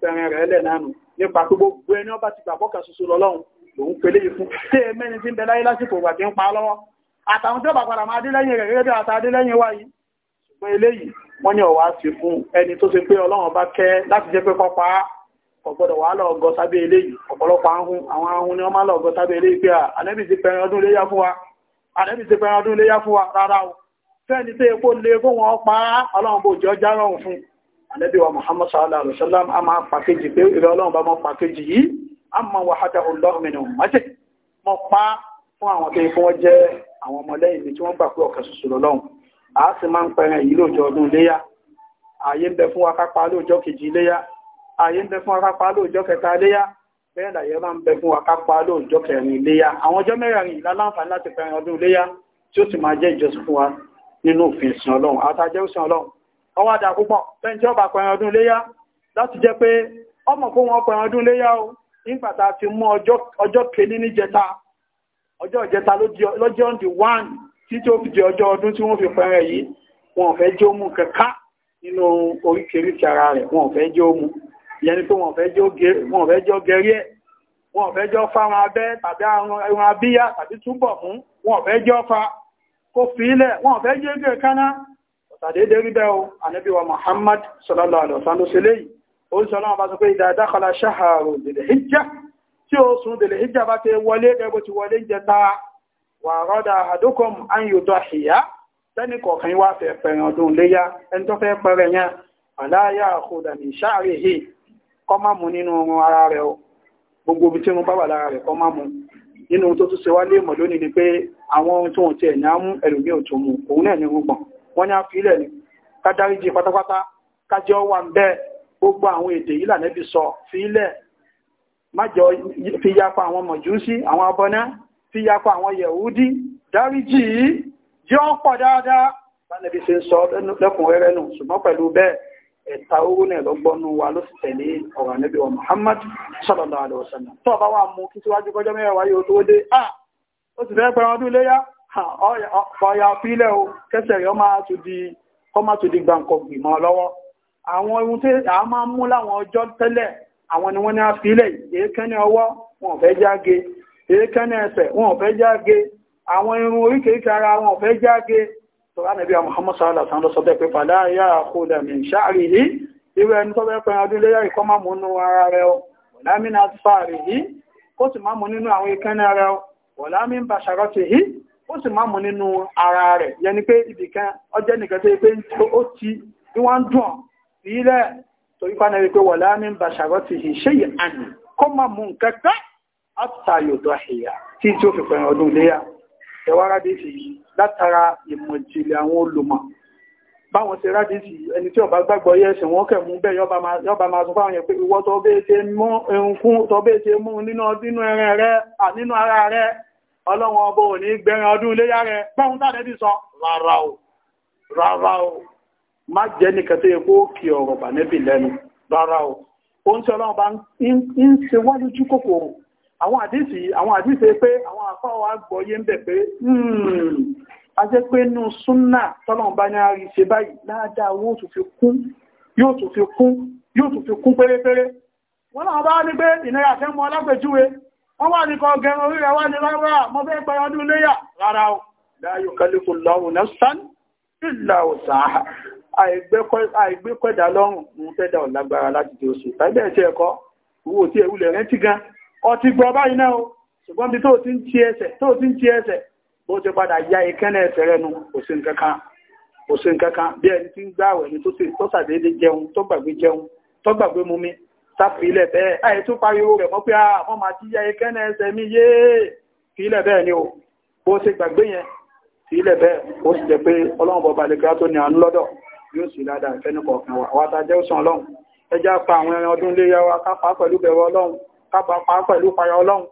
tara nípa ọba ti gbàgbọ́ kan ṣoṣo lọ́lọ́run lòun pèlè yìí fún tí ẹ mẹ́ni tí ń bẹ láyé lásìkò ìgbà tí ń pa lọ́wọ́ àtàwọn tí ó bà padà máa dé lẹ́yìn rẹ̀ gẹ́gẹ́ bí àtà dé lẹ́yìn wá yìí ṣùgbọ́n eléyìí wọ́n ní ọ̀wá sí fún ẹni tó ṣe pé ọlọ́run bá kẹ́ láti jẹ́ pé kọ́pa ọ̀gbọ́dọ̀ wà lọ ọgọ́ sábẹ́ eléyìí ọ̀pọ̀lọpọ̀ ahun àwọn ahun ni wọ́n máa lọ ọgọ́ sábẹ́ eléyìí pé ànẹ́bì ti pẹ̀rin ọdún léyá fún wa ànẹ́bì ti pẹ̀rin ọdún léyá fún wa rárá o fẹ́ni tó epo lè kó wọn pa ọlọ́run bó jọ járọ̀ fún ànẹ́bì wa Muhammad sallallahu alaihi wasallam a máa pàkejì pé ìrẹ́ ọlọ́run bá mọ́ pàkejì yìí àmọ́ wàhátà olóòmìnà mọ́tẹ̀ mọ́ pa fún àwọn tó ikú wọ́n jẹ́ àwọn ọmọlẹ́yìn mi tí wọ́n gbà pé ọ̀kan ṣoṣo lọ́lọ́run a sì máa ń pẹ̀rẹ̀ yìí lóòjọ́ ọdún iléyà ààyè ń bẹ fún akápá lóòjọ́ kejì iléyà ààyè ń bẹ fún akápá lóòjọ́ kẹta iléyà bẹ́ẹ̀ làyẹ̀ máa ń bẹ fún akápá lóòjọ́ kẹrin iléyà àwọn ọjọ́ mẹ́rẹ̀ẹ̀rin ìlà láǹfààní láti pẹ̀rẹ̀ ọdún iléyà tí ó sì máa jẹ́ ìjọsìn fún wa nínú òfin ìsìn ọlọ́run àtàjẹ́ òsìn ọlọ́run ọwọ́ àdà púpọ̀ fẹ́ntí ọba pẹ̀rẹ̀ ọdún iléyà láti jẹ́ pé ọmọ fún wọn pẹ̀rẹ̀ ọdún iléyà o nígbàtà ti mú ọjọ́ kìíní ní jẹta ọjọ́ ìjẹta lọ́jọ́ ọ̀dì wán tí tí ó fi jẹ ọjọ́ ọdún tí wọ́n fi pẹ̀rẹ̀ yìí wọ́n fẹ́ jẹ́ omu kẹka nínú oríkèríkè ara rẹ̀ wọ́n fẹ́ jẹ́ omu yẹni pé wọ́n fẹ́ jẹ́ gẹ̀rí ẹ̀ wọ́n fẹ́ fa awọn abẹ́ tàbí àwọn abíyá tàbí túbọ̀ fa kó fi ilẹ̀ wọ́n fẹ́ jẹ́ ọ̀tàdédé rí bẹ́ẹ̀ o Muhammad oríṣọ́lọ́wọ́ bá sọ pé ìdàdákọlá ṣáhàrù dèlè hijjá tí ó sún dèlè hijjá bá ti wọlé gẹ́gbẹ́ ti wọlé jẹta wà rọ́dà àdókòm ayòdó àṣìyá lẹ́ni kọ̀ọ̀kan wá fẹ́ pẹ̀rẹ̀ ọdún léyá ẹni tó fẹ́ pẹ̀rẹ̀ yẹn àláyà àkódà ní ṣáàrì yìí kọ́ má mú nínú ọrùn ara rẹ̀ o gbogbo ibi tí mo bá wà lára rẹ̀ kọ́ má mú nínú tó tún ṣe wá lé mọ̀ lónìí ni pé àwọn ohun tó wọ́n ní gbogbo àwọn èdè yìí lànẹ́bí sọ fílẹ̀ májọ fi yapa àwọn mọ̀júsí àwọn abọ́ná fi yapa àwọn yẹ̀húdí dáríjì yìí jẹ́ wọ́n pọ̀ dáadáa lánàbí ṣe ń sọ lẹ́kùn rẹ́rẹ́ nù ṣùgbọ́n pẹ̀lú bẹ́ẹ̀ ẹ̀ta owó náà lọ gbọ́nú wa ló sì tẹ̀lé ọ̀rọ̀ ànábì wa Muhammad sallallahu alaihi wasallam àwọn ohun tí a máa ń mú láwọn ọjọ́ tẹ́lẹ̀ àwọn ni wọ́n ní àfilẹ̀ èékánná ọwọ́ wọn ò fẹ́ jáge èékánná ẹsẹ̀ wọn ò fẹ́ jáge àwọn irun oríkèéríkèé ara wọn ò fẹ́ jáge tọ́lá nàbí Muhammad sallallahu alaihi wasallam sọ pé fàlá yà àkóòdà mi ṣáàrì yìí irú ẹni tó bẹ́ pẹ̀lú ọdún léyà ìkọ́ máa mú nínú ara rẹ̀ ọ wọ̀lámínà fàárì yìí ó sì máa mú nínú àwọn ìkẹ́nà rẹ̀ ara rẹ̀ yẹni pé ibìkan ọjẹ́ nìkan tó ti wọ́n dùn sílẹ̀ torí pa náà wípé wọ̀ láàmín bàṣàrọ̀ ti hì ṣe àní kó máa mú nǹkan tẹ́ àtàyò tó àṣìyà tí tí ó fi pẹ̀rẹ̀ ọdún léyà ẹwà rádìsì látara ìmọ̀jìnlẹ̀ àwọn olùmọ̀ báwọn ṣe rádìsì ẹni tí ọba gbàgbọ́ yẹ ẹsẹ̀ wọn kẹ̀mú bẹ́ẹ̀ yọba máa sọ fáwọn yẹn pé ìwọ tó bẹ́ẹ̀ ṣe mú ẹnkún tó bẹ́ẹ̀ ṣe mú nínú ẹran rẹ nínú ara rẹ ọlọ́wọ́n ọbọ̀ òní gbẹ̀rẹ̀ ọdún léyà rẹ báwọn tàbí sọ rárá o rárá o má jẹ́ nìkan tó yẹ kó kí ọ̀rọ̀ bà níbi lẹ́nu rárá o ó ń sọ ọlọ́run bá ń ṣe wá lójú kòkòrò àwọn àdìsí àwọn àdìsí pé àwọn àpá wa gbọ́ yé ń bẹ̀ pé hmm, a jẹ́ pé nínú súnnà tọ́lọ́run bá ní a rí ṣe báyìí dáadáa owó tún fi kún yóò tún fi kún yóò tún fi kún pérépéré wọ́n náà bá ní pé ìnáyà tẹ́ mọ́ alápẹ̀júwe wọ́n wà ní kan gẹ̀rọ orí rẹ̀ wà ní rárá mọ́ fẹ́ pẹ̀lú ọdún léyà rárá o la yukallifu Allahu nafsan illa wus'aha àìgbékọ̀dá lọ́rùn mú fẹ́dà ọ̀lágbára láti di oṣù tàbí ẹ̀ṣẹ́ ẹ̀kọ́ owó tí ẹ̀wù lẹ̀ rẹ̀ ti gan ọtí gbọ́ báyìí náà o ṣùgbọ́n bí tó ti ń ti ẹsẹ̀ tó ti ń ti ẹsẹ̀ bó ti padà ya ìkẹ́lẹ̀ ẹsẹ̀ rẹ̀ nu kò sí nǹkankan kò sí nǹkankan bí ẹni tí ń gbààwẹ̀ ni tó ṣàdédé jẹun tó gbàgbé jẹun tó gbàgbé mumi sáfì ilẹ̀ bẹ́ẹ̀ àyè tó pariwo rẹ̀ mọ́ pé àwọn máa ti ya ìkẹ́lẹ̀ ẹsẹ̀ mi yéé fi ilẹ̀ bẹ́ẹ̀ ni o bó ṣe gbàgbé yẹn fi ilẹ̀ bẹ́ẹ̀ ó sì jẹ́ pé ọlọ́run bọ̀ balẹ̀ kí á tó ní à ń lọ́dọ̀ yóò sì dáadáa ìfẹ́ nípa ọ̀kan wa àwọn atajẹ́ òsàn ọlọ́run ẹjá pa àwọn ẹran ọdún léyà wa kápá pẹ̀lú bẹ̀rọ ọlọ́run kápá pa pẹ̀lú payọ ọlọ́run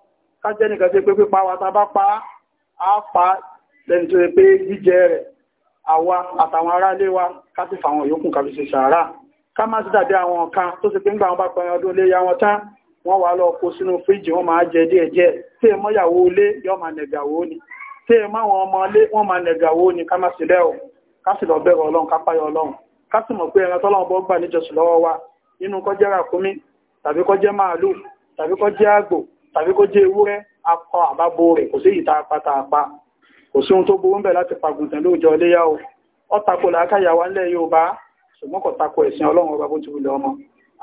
kájẹ́ nìkan tí pé pípa wa ta bá pa á pa lẹ́ni tó pé jíjẹ rẹ̀ àwa àtàwọn ará ilé wa ká sì fàwọn yòókù kàfi ṣe sàárà ká má sì dàbí àwọn kan tó sì pé ń gbà wọn bá pẹ̀rẹ̀ ọdún léyà wọn tán wọ́n wà lọ kó sínú fíríjì wọ́n máa jẹ díẹ̀ díẹ̀ tí èmọ́ ìyàwó ilé yọ́ máa nẹ̀gàwó ni tí èmọ́ àwọn ọmọ ilé wọ́n máa nẹ̀gàwó ni ká má sì lẹ́ọ̀ kásì lọ ọlọ́run kápáyọ ọlọ́run kásì mọ̀ pé ẹran tọ́lọ́run bọ́ gbà níjọsìn lọ́wọ́ wa nínú kọjẹ́ ràkúnmí tàbí kọjẹ́ màálù tàbí kọjẹ́ àgbò tàbí kọjẹ́ ewúrẹ́ akọ àbábo rẹ̀ kò sí ìta apáta kò sí ohun tó burú bẹ̀ láti pàgùntàn lóòjọ́ iléyà o ó tako làákàyà wa ńlẹ̀ Yorùbá ṣùgbọ́n kò tako ẹ̀sìn ọlọ́run ọba bó ti wulẹ̀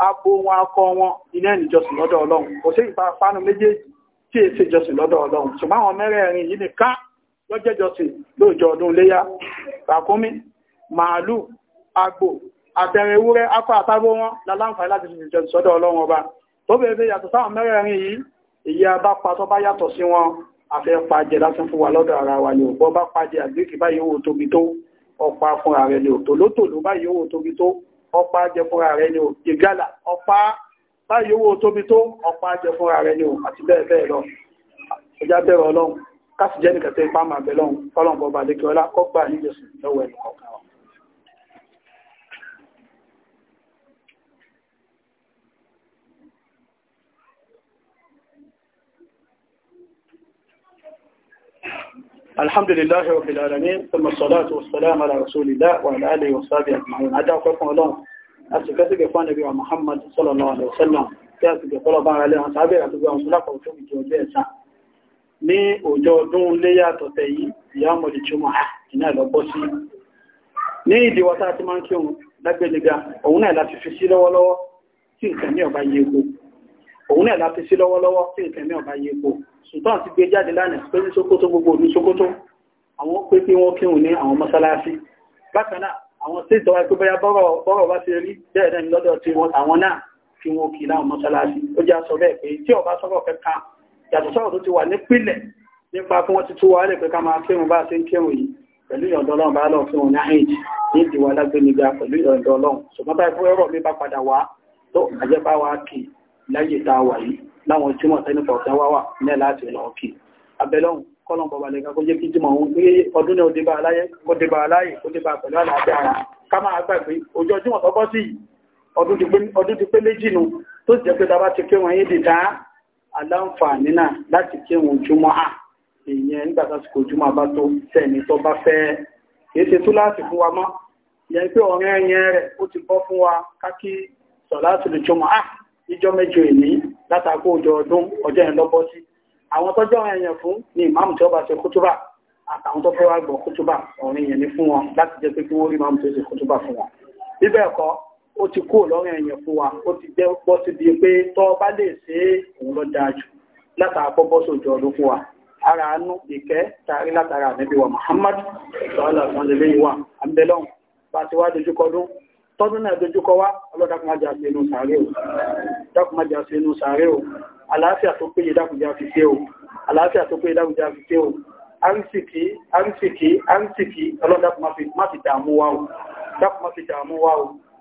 abo wọn akọ wọn lọ́dọ̀ ọlọ́run kò sí méjèèjì tí èsì ìjọsìn lọ́dọ̀ ọlọ́run ṣùgbọ́n àwọn mẹ́rẹ̀ẹ̀rin yìí nìkan lọ́jẹ́jọsìn lóòjọ́ ọdún léyá ràkúnmí màálù àgbò àtẹ̀rẹ̀ ewúrẹ́ akọ àtàbó wọn láláǹfààní láti fi jẹ sọ́dọ̀ ọlọ́run ọba tó bèèrè yàtọ̀ sáwọn mẹ́rẹ̀ẹ̀rin yìí èyí bá pa tó bá yàtọ̀ sí wọn àfẹ́ pàjẹ́ láti fún wa lọ́dọ̀ ara wa yóò bọ́ bá pàjẹ́ àgbékì báyìí owó tóbi tó ọpa fúnra rẹ̀ ni òtò lótòló báyìí owó tóbi ìgálà ọpa báyìí owó tóbi tó ọpa jẹ fúnra rẹ̀ ni àti bẹ́ẹ̀ bẹ́ẹ̀ lọ ẹjá bẹ̀rẹ̀ ọlọ́run jẹ́ nìkẹta ipá ọlá kọ́gbà lọ́wọ́ ẹ̀lú wọn الحمد لله رب العالمين ثم الصلاة والسلام على رسول الله وعلى آله وصحبه أجمعين أدعوكم الله أتكتب إخوان نبي محمد صلى الله عليه وسلم كاتب طلبا عليه وصحبه أتكتب أن صلاة وتوبة وجهة ní ọjọ́ ọdún léyà tọ̀tẹ̀ yìí ìyá mọ̀lì túnmọ̀ ah, iná lọ́pọ̀ sí ní ìdíwọ́ tá ti máa ń kí òun lágbẹ̀lẹ́gà òun náà láti fi sí lọ́wọ́lọ́wọ́ tí nǹkan ní ọba yé epo òun náà láti sí lọ́wọ́lọ́wọ́ tí nǹkan ní ọba yé epo sultan ti gbé jáde lánàá pé ní Sókótó gbogbo òní Sókótó àwọn pé kí wọ́n kírun ní àwọn mọ́sálásí bákan náà àwọn tí ìtọ́wà pé bóyá bọ́rọ̀ bá ti rí bẹ́ẹ̀ náà lọ́dọ̀ tí wọ́n àwọn náà fi wọn kì láwọn mọ́sálásí ó jẹ́ sọ bẹ́ẹ̀ pé tí ọba sọ́rọ̀ kẹta yàtọ̀ sọ́rọ̀ tó ti wà nípìnlẹ̀ nípa fún wọ́n ti tó wà lẹ̀ pé ká máa kírun bá ṣe ń kírun yìí pẹ̀lú ìyọ̀ǹdọ́ ọlọ́run bá lọ fún òní àìjì ní ìdíwà lágbéniga pẹ̀lú ìyọ̀ǹdọ́ ọlọ́run ṣùgbọ́n báyìí fún ẹ̀rọ mi bá padà wá tó àjẹpá wa kì láyé tá a wà yìí láwọn jímọ̀ tẹ́lẹ̀ kọ̀ọ̀kan wá wà ní láti lọ kì abẹ́lọ́hùn kọ́lọ̀n bọ̀bà lẹ́ka kó jẹ́ kí jímọ̀ ọdún ti pé méjì nu tó jẹ́ pé ta bá ti kírun yín dìtà aláǹfààní náà láti kírun júmọ́ à èèyàn nígbà tásìkò júmọ́ bá tó sẹ́ni tó bá fẹ́ kìí ṣe láti fún wa mọ́ ìyẹn pé ọ̀rẹ́ ẹ̀yẹn rẹ̀ ó ti bọ́ fún wa kákí sọ̀láàtù lè ìjọ mẹ́jọ èní látàkó ọjọ́ ọdún ọjọ́ yẹn lọ́bọ́ fún ni ìmáàmù tí ó bá ṣe kútúbà àtàwọn tó fẹ́ fún wọn láti jẹ́ pé kí wọ́n rí ìmáàmù fún wọn bíbẹ̀ ó ti kúrò lọ́rùn ẹ̀yìn fún wa ó ti jẹ́ bọ́ sí di pé tọ́ bá lè ṣe é òun lọ dáa jù látara kọ́ bọ́ sójú ọdún fún wa ara àánú ìkẹ́ tàrí látara ànábì wa Muhammad sọ́ọ́lá ọ̀sán lélẹ́yìn wa àmbẹ́lọ́hùn bá ti wá dojúkọ ọdún tọ́dún náà dojúkọ wá ọlọ́dàkùnmájà sí inú sàárè o dákùnmájà sí inú sàárè o àlàáfíà tó péye dákùnjá fi ṣe o àlàáfíà tó péye dákùnjá fi ṣe o arísìkí arísìkí arísìkí ọlọ́dàkùnmá fi dààmú wa o dákùnmá fi dààmú wa o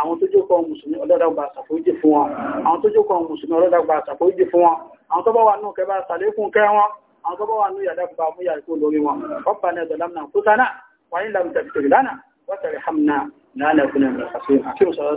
àwọn tó jókòó mùsùlùmí ọlọ́dàgbà àṣàfójì fún wọn àwọn tó jókòó mùsùlùmí ọlọ́dàgbà àṣàfójì fún wọn àwọn tó bá wà nù kẹbà sàlékún kẹ wọn àwọn tó bá wà nù yàdá kọba mú yàrá kó lórí wọn ọba ní ẹ̀dọ̀ lámìnà kó sáná wà ní lámìnà tẹ̀lé lánàá wọ́n tẹ̀lé hàmìnà lálẹ́ fún ẹ̀rọ àti ìṣòro